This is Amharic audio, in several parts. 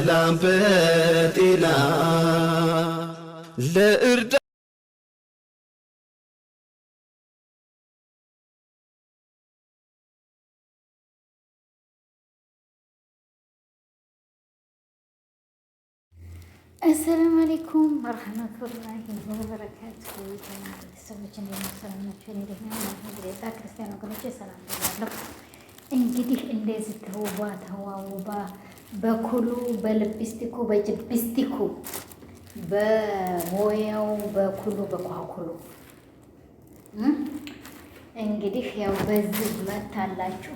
በሰላም በጤና ለእርዳ አሰላሙ አሌይኩም ወረህመቱላሂ ወበረካቱ። ቤተሰቦች እንደምን ናቸው? እኔ ደህና ነኝ። ክርስቲያን ወገኖቼ ሰላም ብያለሁ። እንግዲህ እንደዚህ ተውባ ተዋውባ በኩሉ በልብስቲኩ በጅብስቲኩ በሞያው በኩሉ በኳኩሉ እንግዲህ ያው በዚህ መታላችሁ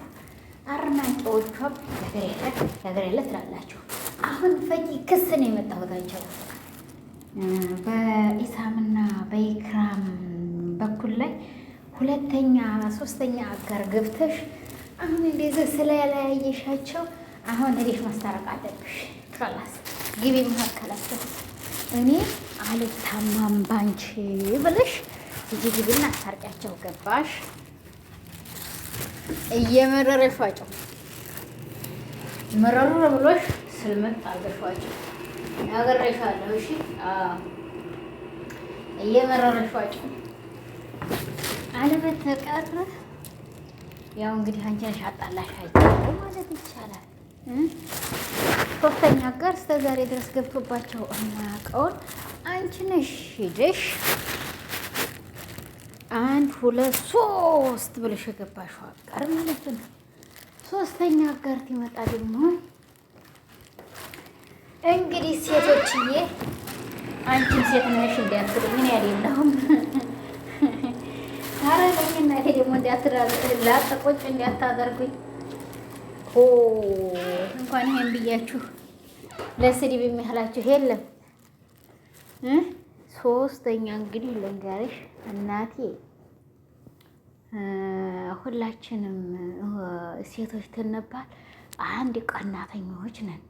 አድናቂዎቿ ያገር የለት ያገር ትላላችሁ። አሁን ፈቂ ክስ ነው የመጣሁታቸው በኢሳምና በኢክራም በኩል ላይ ሁለተኛ ሶስተኛ አጋር ገብተሽ አሁን እንደዚህ ስለለያየሻቸው አሁን እሪፍ ማስታረቅ አለብሽ። ከላስ ግቢ መካከላቸው እኔ አልታማም ባንቺ ብለሽ እዚህ ግቢና አስታርቂያቸው። ገባሽ? እየመረረ ፏጭው መረረ ብሎሽ ስልምጥ አድርገሽ ፏጭው። ያገረሻለሁ። እሺ፣ እየመረረ ፏጭው። አለበተቀረ ያው እንግዲህ አንቺ ነሽ አጣላሽ አይቻልም ማለት ይቻላል። ሶስተኛ ጋር እስከ ዛሬ ድረስ ገብቶባቸው የማያውቀውን አንቺ ነሽ ሂደሽ አንድ ሁለት ሶስት ብለሽ የገባሽው አጋር ማለት ነው። ሶስተኛ አጋር ትመጣ ደግሞ እንግዲህ ሴቶችዬ አንቺም ሴት ነሽ እንዲያትሉ ምን ያሌለሁም ታረለኝ እናቴ ደግሞ እንዲያትላጠቆጭ እንዲያታደርጉኝ ሆ እንኳን ይሄን ብያችሁ ለስድብ የሚያህላችሁ የለም። ሶስተኛ እንግዲህ ልንገርሽ እናቴ ሁላችንም ሴቶች ትንባል አንድ ቀናተኞች ነን።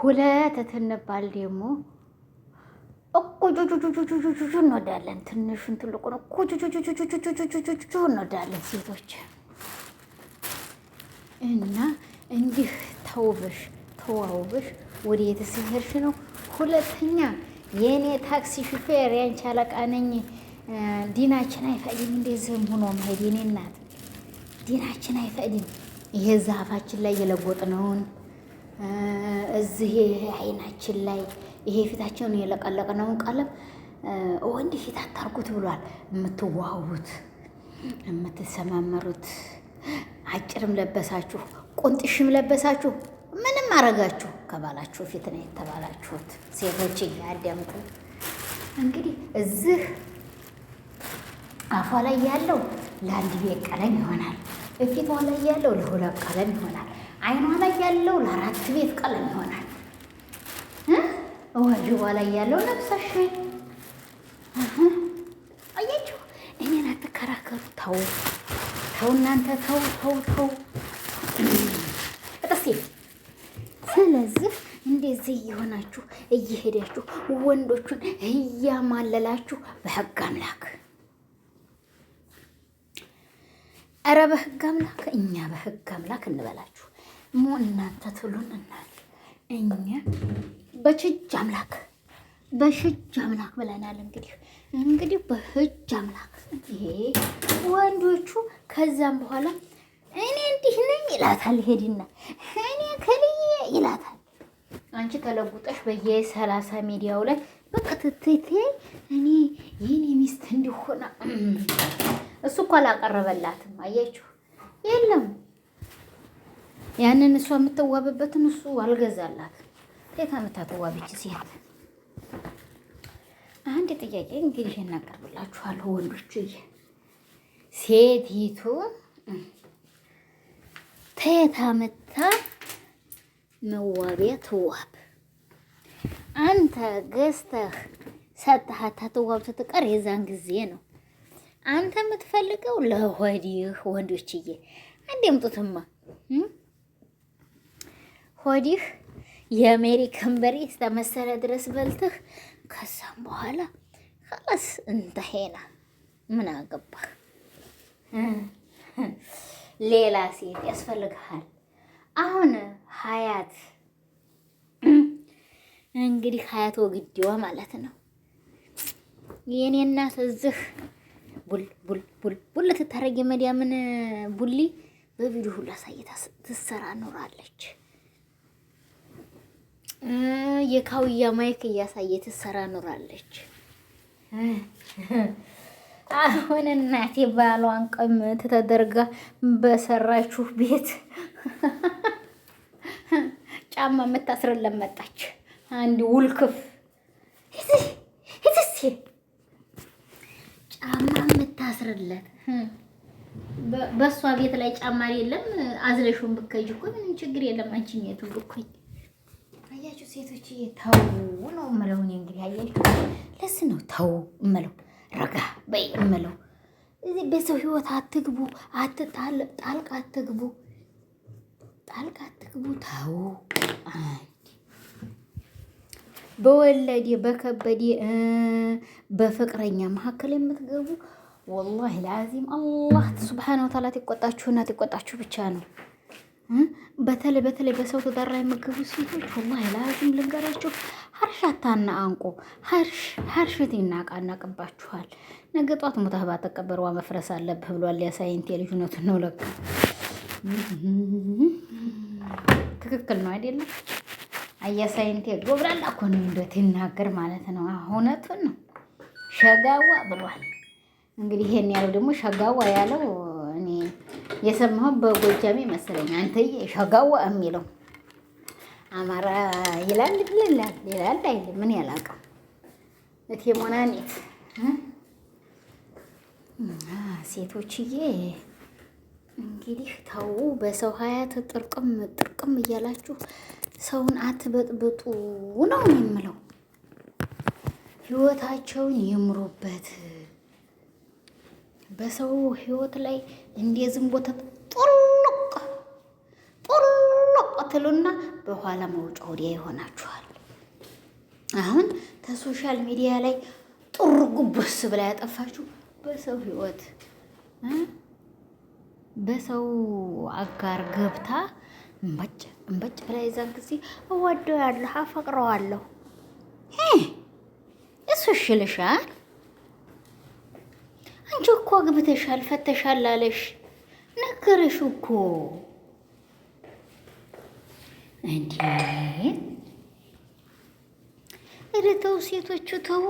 ሁለት ትንባል ደግሞ እቁጁጁጁጁጁጁጁ እንወዳለን። ትንሹን ትልቁን እቁጁጁጁጁጁጁጁ እንወዳለን ሴቶች እና እንዲህ ተውበሽ ተዋውበሽ ወደ የተሰሄርሽ ነው። ሁለተኛ የእኔ ታክሲ ሹፌር ያንቺ አለቃ ነኝ። ዲናችን አይፈቅድም እንደዚህም ሆኖ መሄድ የኔ እናት ዲናችን አይፈቅድም። ይሄ ዛፋችን ላይ የለወጥነውን እዚህ አይናችን ላይ ይሄ ፊታቸውን የለቀለቅነውን ቀለም ወንድ ፊት አታርጉት ብሏል። የምትዋቡት የምትሰማመሩት አጭርም ለበሳችሁ፣ ቁንጥሽም ለበሳችሁ፣ ምንም አረጋችሁ ከባላችሁ ፊት ነው የተባላችሁት። ሴቶች ያደምቁ። እንግዲህ እዚህ አፏ ላይ ያለው ለአንድ ቤት ቀለም ይሆናል። እፊቷ ላይ ያለው ለሁለት ቀለም ይሆናል። አይኗ ላይ ያለው ለአራት ቤት ቀለም ይሆናል። ወንድቧ ላይ ያለው ነብሰሽ አያችሁ። እኔን አትከራከሩ ተው። ተው እናንተ ተው ተው ተው እጥሴ። ስለዚህ እንደዚህ እየሆናችሁ እየሄዳችሁ ወንዶቹን እያማለላችሁ በህግ አምላክ እረ በህግ አምላክ እኛ በህግ አምላክ እንበላችሁ ሞ እናንተ ትሉን እናል እኛ በችጅ አምላክ በሽጅ አምላክ ብለናል። እንግዲህ እንግዲህ በህጅ አምላክ ይሄ ወንዶቹ ከዛም በኋላ እኔ እንዲህ ነኝ ይላታል። ሄድና እኔ ከልዬ ይላታል። አንቺ ተለጉጠሽ በየሰላሳ ሚዲያው ላይ በቅትትቴ እኔ የኔ ሚስት እንዲሆና እሱ እኮ አላቀረበላትም። አያችሁ የለም ያንን እሷ የምትዋብበትን እሱ አልገዛላት ቴታ የምታተዋብች ሲያት አንድ ጥያቄ እንግዲህ እናቀርብላችኋለሁ ወንዶችዬ። ሴቲቱ ተየት አመታ መዋቢያ ትዋብ፣ አንተ ገዝተህ ሰጥሃታ ትዋብ ስትቀር የዛን ጊዜ ነው አንተ የምትፈልገው ለሆዲህ። ወንዶችዬ አንድ የምጡትማ ሆዲህ የአሜሪካን በሬ እስከመሰለ ድረስ በልተህ ከዛም በኋላ ከላስ እንተሄና ምን አገባ ሌላ ሴት ያስፈልግሃል። አሁን ሀያት እንግዲህ ሀያት ወግዲዋ ማለት ነው። የኔ እናት እዚህ ቡል ቡል ቡል ቡል ምን ቡሊ በቪዲዮ ሁላ አሳይታ ትሰራ ኖራለች። የካውያ ማይክ እያሳየ ትሰራ ኖራለች። አሁን እናቴ ባሏን ቀምት ተደርጋ በሰራችሁ ቤት ጫማ የምታስርለን ለመጣች አንድ ውልክፍ ትስ ጫማ የምታስርለት በእሷ ቤት ላይ ጫማ የለም። አዝለሹን ብከጅ እኮ ምንም ችግር የለም። አንቺ የቱ ብኮኝ ሴቶች ተው ነው እምለው። እኔ እንግዲህ አያችሁ ለስ ነው ተው እምለው፣ ረጋ በይ እምለው። እዚህ በሰው ህይወት አትግቡ፣ ጣልቃ አትግቡ፣ ጣልቃ አትግቡ። ተው በወለዴ በከበዴ በፍቅረኛ መካከል የምትገቡ ወላሂ ለአዚም አላህ ስብሓነ ወተዓላ ትቆጣችሁና ትቆጣችሁ ብቻ ነው። በተለይ በተለይ በሰው ትዳር ላይ የምትገቡ ሴቶች ወላሂ ላዚም ልንገራችሁ፣ ሀርሽ አታና አንቆ ሀርሽት ይናቃናቅባችኋል። ነገ ጧት ሞታህ ባተቀበርዋ መፍረስ አለብህ ብሏል። ያሳይንት የልጅነቱን ነው ለካ ትክክል ነው አይደለም? አያሳይንቴ ጎብላላ እኮ ነው እንደት ይናገር ማለት ነው። እውነቱን ነው ሸጋዋ ብሏል። እንግዲህ ይሄን ያለው ደግሞ ሸጋዋ ያለው የሰማሁት በጎጃሜ መሰለኝ። አንተዬ ሸጋዋ የሚለው አማራ ይላል ይላል ይላል አይልም። ምን ያላቀው እቴ ሞናኒት ሴቶችዬ እንግዲህ ተው፣ በሰው ሀያት ጥርቅም ጥርቅም እያላችሁ ሰውን አትበጥብጡ ነው የምለው። ህይወታቸውን ይምሩበት። በሰው ህይወት ላይ እንደ ዝም ቦታ ጦሎቅ ጦሎቅ ትሉና በኋላ መውጫ ወዲያ ይሆናችኋል። አሁን ከሶሻል ሚዲያ ላይ ጥሩ ጉብስ ብላ ያጠፋችሁ በሰው ህይወት በሰው አጋር ገብታ እንበጭ እንበጭ ብላ የዛን ጊዜ እወደዋለሁ፣ አፈቅረዋለሁ እሱ ይሽልሻል። አንቺ እኮ አግብተሻል ፈተሻል አለሽ ነገረሽ እኮ እንዴ! ኧረ ሴቶቹ ተው፣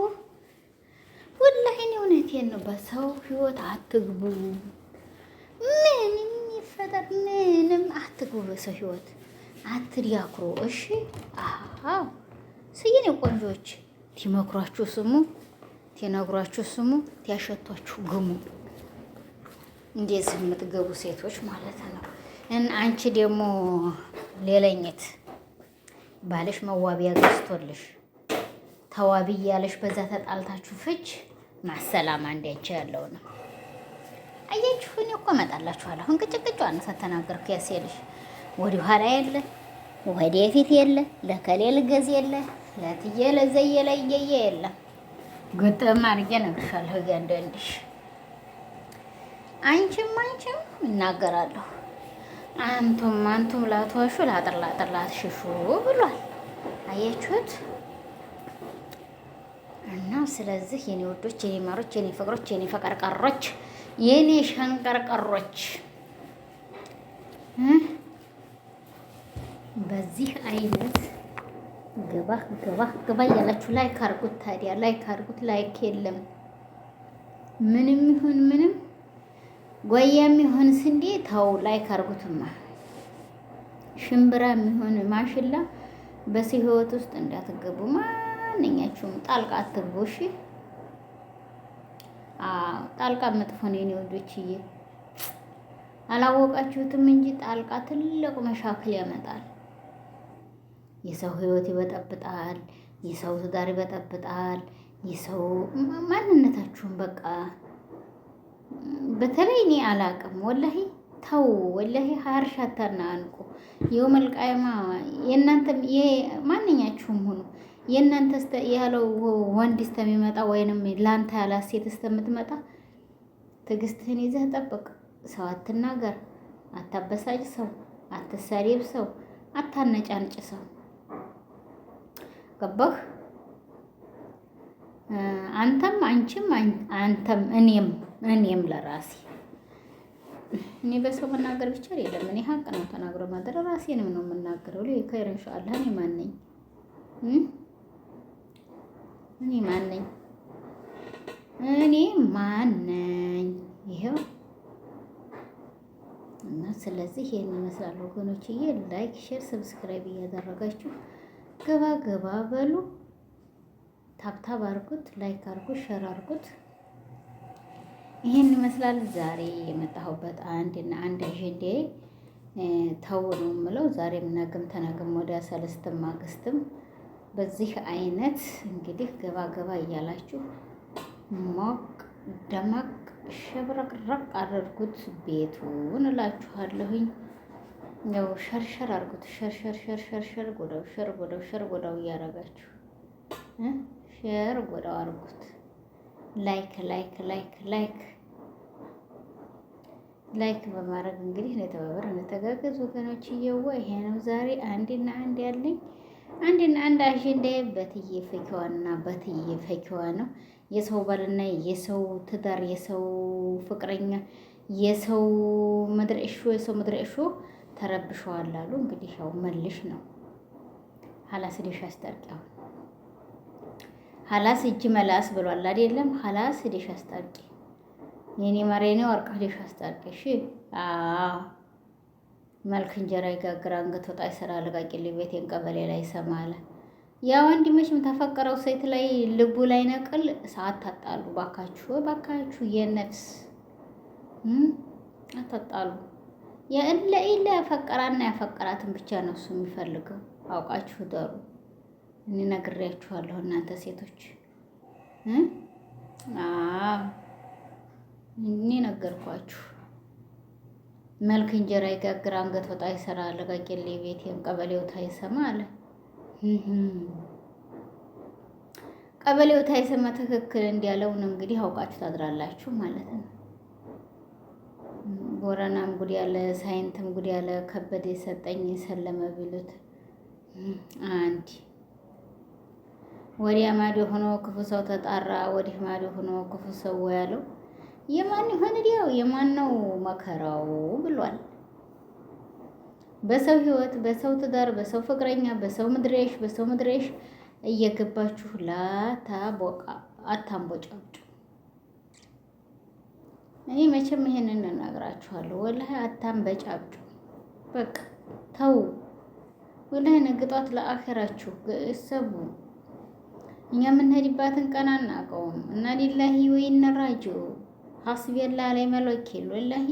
ወላሂ እኔ እውነቴን ነው። በሰው ህይወት አትግቡ። ምንም ይፈጠር ምንም አትግቡ። በሰው ህይወት አትዲያክሮ። እሺ፣ አዎ ስዬ ነው ቆንጆች፣ ስሙ ቲነግሯችሁ ስሙ ትያሸቷችሁ ግሙ። እንደዚህ የምትገቡ ሴቶች ማለት ነው። እና አንቺ ደግሞ ሌለኝት ባልሽ መዋቢያ ገዝቶልሽ ተዋቢ እያለሽ በዛ ተጣልታችሁ ፍች ማሰላም አንዳቸው ያለው ነው። አያችሁ፣ እኔ እኮ እመጣላችኋለሁ። አሁን ቅጭቅጭ ዋነት ተናገርኩ። ያሴልሽ ወደ ኋላ የለ ወደ ፊት የለ ለከሌ ልገዝ የለ ለትዬ ለዘየ ለየየ የለም ግጥም አድርጌ እነግርሻለሁ። እያንዳንድሽ አንቺም አንቺም እናገራለሁ። አንቱም አንቱም ላትዋሹ ላጥር ላጥር ላትሽሹ ብሏል። አያችሁት? እና ስለዚህ የኔ ወዶች፣ የኔ ማሮች፣ የኔ ፍቅሮች፣ የኔ ፈቀርቀሮች፣ የኔ ሸንቀርቀሮች በዚህ አይነት ገባ ገባ ገባ እያላችሁ ላይክ አድርጉት። ታዲያ ላይክ አድርጉት። ላይክ የለም ምንም ይሁን ምንም ጓያም ይሁን ስንዴ ታው ላይክ አድርጉትማ። ሽምብራ የሚሆን ማሽላ በሰው ህይወት ውስጥ እንዳትገቡ። ማንኛችሁም ጣልቃ አትግቡ። እሺ፣ ጣልቃ መጥፎ ነው የኔ ወዶችዬ። አላወቃችሁትም እንጂ ጣልቃ ትልቅ መሻክል ያመጣል። የሰው ህይወት ይበጠብጣል፣ የሰው ትዳር ይበጠብጣል፣ የሰው ማንነታችሁን በቃ በተለይ እኔ አላቅም። ወላሂ ተው፣ ወላሂ ሀርሻታና አንቁ የውመል የእናንተ ማንኛችሁም ሁኑ የእናንተ ያለው ወንድ እስተሚመጣ ወይንም ለአንተ ያላት ሴት እስተምትመጣ ትዕግስትህን ይዘህ ጠብቅ። ሰው አትናገር፣ አታበሳጭ ሰው፣ አትሳደብ ሰው፣ አታነጫንጭ ሰው። ገባህ? አንተም አንቺም አንተም እኔም እኔም ለራሴ እኔ በሰው መናገር ብቻ አይደለም። እኔ ሀቅ ነው ተናግሮ ማደረ ራሴንም ነው የምናገረው። ለይ ከይር ኢንሻአላህ እኔ ማን ነኝ? እኔ ማን ነኝ? እኔ ማን ነኝ? ይሄው እና ስለዚህ ይሄን ይመስላል ወገኖችዬ፣ ላይክ ሼር፣ ሰብስክራይብ እያደረጋችሁ ገባ ገባ በሉ። ታብታብ አርጉት፣ ላይክ አርጉት፣ ሸር አርጉት። ይህን ይመስላል ዛሬ የመጣሁበት አንድና አንድ አጀንዳ ተው ነው የምለው። ዛሬም ነገም ተነገም ወዲያ ሰለስትም ማግስትም በዚህ አይነት እንግዲህ ገባ ገባ እያላችሁ ሞቅ ደማቅ ሸብረቅረቅ አድርጉት ቤቱን እላችኋለሁኝ። እንደው ሸርሸር አርጉት፣ ሸርሸር ሸርሸር ሸር ጎዳው ሸር ጎዳው ሸር ጎዳው እያደረጋችሁ ሸር ጎዳው አርጉት። ላይክ ላይክ ላይክ ላይክ ላይክ በማድረግ እንግዲህ ለተባበር እንተጋገዝ ወገኖች። እየዋ ይሄ ነው ዛሬ አንድና አንድ ያለኝ አንድና አንድ አጀንዳ በትዬ ፈኪዋና በትዬ ፈኪዋ ነው። የሰው ባልና የሰው ትዳር የሰው ፍቅረኛ የሰው ምድር እሾ የሰው ምድር ተረብሸዋል አሉ። እንግዲህ ያው መልሽ ነው ሀላስ ዴሽ አስጠርቂው ሀላስ እጅ መላስ ብሏል አይደለም? ሀላስ ሄደሽ አስጠርቂ የኔ መሬኔ ወርቃ ዴሽ አስጠርቂ። እሺ መልክ እንጀራ ይጋግር አንገት ወጣ ይሰራ ልቃቂልኝ ቤቴን ቀበሌ ላይ ይሰማለ ያ ወንድ መቼም ተፈቀረው ሴት ላይ ልቡ ላይ ነቅል ሰዓት ታጣሉ። ባካችሁ ባካችሁ የነፍስ አታጣሉ። ለኢላ ያፈቀራና ያፈቀራትን ብቻ ነው እሱ የሚፈልገው። አውቃችሁ ደሩ እኔ ነግሬያችኋለሁ። እናንተ ሴቶች እኔ ነገርኳችሁ። መልክ እንጀራ ይጋግር አንገት ወጣ ይሰራ ለጋቄሌ ቤቴም ቀበሌው ታይሰማ አለ ቀበሌው ታይሰማ ትክክል እንዲያለውን እንግዲህ አውቃችሁ ታድራላችሁ ማለት ነው። ቦረናም ጉድ ያለ ሳይንትም ጉድ ያለ ከበደ የሰጠኝ የሰለመ ቢሉት አንድ ወዲያ ማዶ ሆኖ ክፉ ሰው ተጣራ፣ ወዲህ ማዶ ሆኖ ክፉ ሰው ያለው የማን ይሆን ዲያው የማን ነው መከራው ብሏል። በሰው ህይወት፣ በሰው ትዳር፣ በሰው ፍቅረኛ፣ በሰው ምድሬሽ፣ በሰው ምድሬሽ እየገባችሁ ላታ ቦቃ እኔ መቼም ይሄንን እነግራችኋለሁ። ወላሂ በጫጩ በቃ ተው። ወላሂ ነግጧት ለአኺራችሁ እሰቡ። እኛ የምንሄድባትን ቀን አናውቀውም። እና ሊላሂ ወኢነ ራጂዑ ሀስቢላ ላይ መለኪል ወላሂ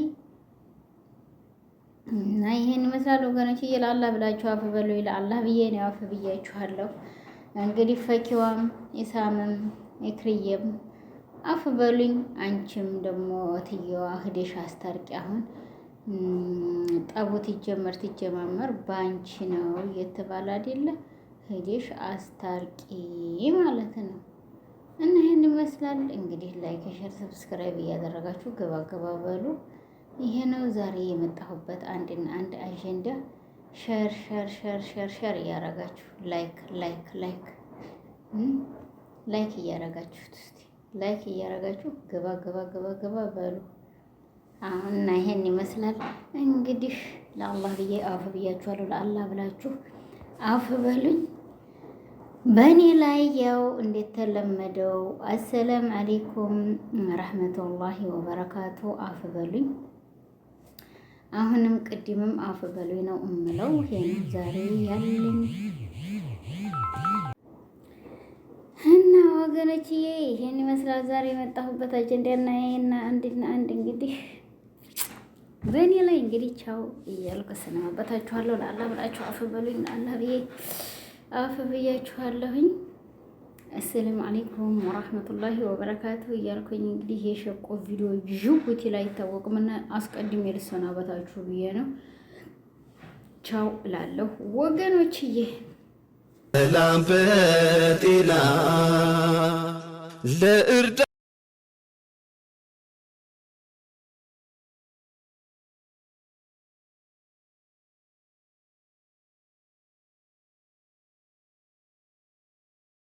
እና ይሄን ይመስላል ወገኖች፣ ይላላ ብላችሁ አፍ በሉ። ለአላህ ብዬ ነው አፍ ብያችኋለሁ። እንግዲህ ፈኪዋም ኢሳምም ኢክርዬም አፍ አንቺም ደግሞ እትየዋ ህዴሽ አስታርቂ። አሁን ጠቡ ትጀመር ትጀማመር በአንቺ ነው እየተባለ አይደለ? ህዴሽ አስታርቂ ማለት ነው። እና ይህን ይመስላል እንግዲህ። ላይክ፣ ሸር፣ ሰብስክራይብ እያደረጋችሁ ገባ ገባ በሉ። ይሄ ነው ዛሬ የመጣሁበት አንድና አንድ አጀንዳ። ሸር ሸር ሸር ሸር ሸር እያረጋችሁ ላይክ ላይክ ላይክ ላይክ እያረጋችሁት እስኪ ላይክ እያደረጋችሁ ገባ ገባ ገባ ገባ በሉ። አሁን ይሄን ይመስላል እንግዲህ ለአላህ ብዬ አፍ ብያችኋለሁ። ለአላህ ብላችሁ አፍ በሉኝ። በእኔ ላይ ያው እንደተለመደው አሰላም አሌይኩም ረህመቱላሂ ወበረካቱ። አፍ በሉኝ። አሁንም ቅድምም አፍ በሉኝ ነው እምለው። ይሄን ዛሬ ያለኝ ወገኖችዬ ይሄን ይመስላል ዛሬ የመጣሁበት አጀንዳና ይሄና አንድና አንድ እንግዲህ በእኔ ላይ እንግዲህ ቻው እያልኩ ስንመበታችኋለሁ። ለአላህ ብላችሁ አፍ በሉኝ። ለአላህ ብዬ አፍ ብያችኋለሁኝ። አሰላሙ አሌይኩም ወራህመቱላሂ ወበረካቱ እያልኩኝ እንግዲህ የሸቆ ቪዲዮ ጅቡቲ ላይ አይታወቅም እና አስቀድሜ ልሰናበታችሁ ብዬ ነው ቻው እላለሁ ወገኖችዬ። ሰላም በጤና ለእርዳ